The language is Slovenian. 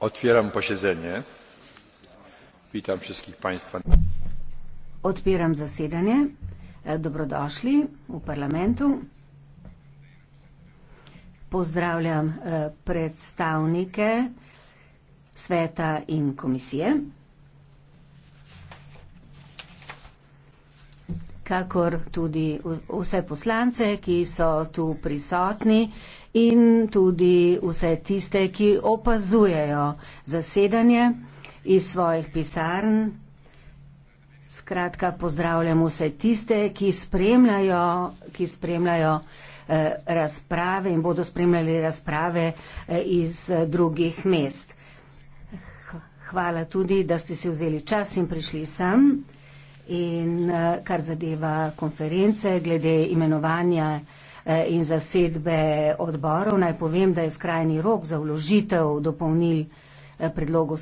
Otwieram posiedzenie. Witam wszystkich państwa. Otwieram zasiedanie. E, Dobrodošli v parlamentu. Pozdravljam e, predstavnike sveta in komisije. kakor tudi vse poslance, ki so tu prisotni in tudi vse tiste, ki opazujejo zasedanje iz svojih pisarn. Skratka, pozdravljam vse tiste, ki spremljajo, ki spremljajo eh, razprave in bodo spremljali razprave eh, iz eh, drugih mest. Hvala tudi, da ste si vzeli čas in prišli sem in eh, kar zadeva konference glede imenovanja eh, in zasedbe odborov, naj povem, da je skrajni rok za vložitev dopolnil eh, predlogov.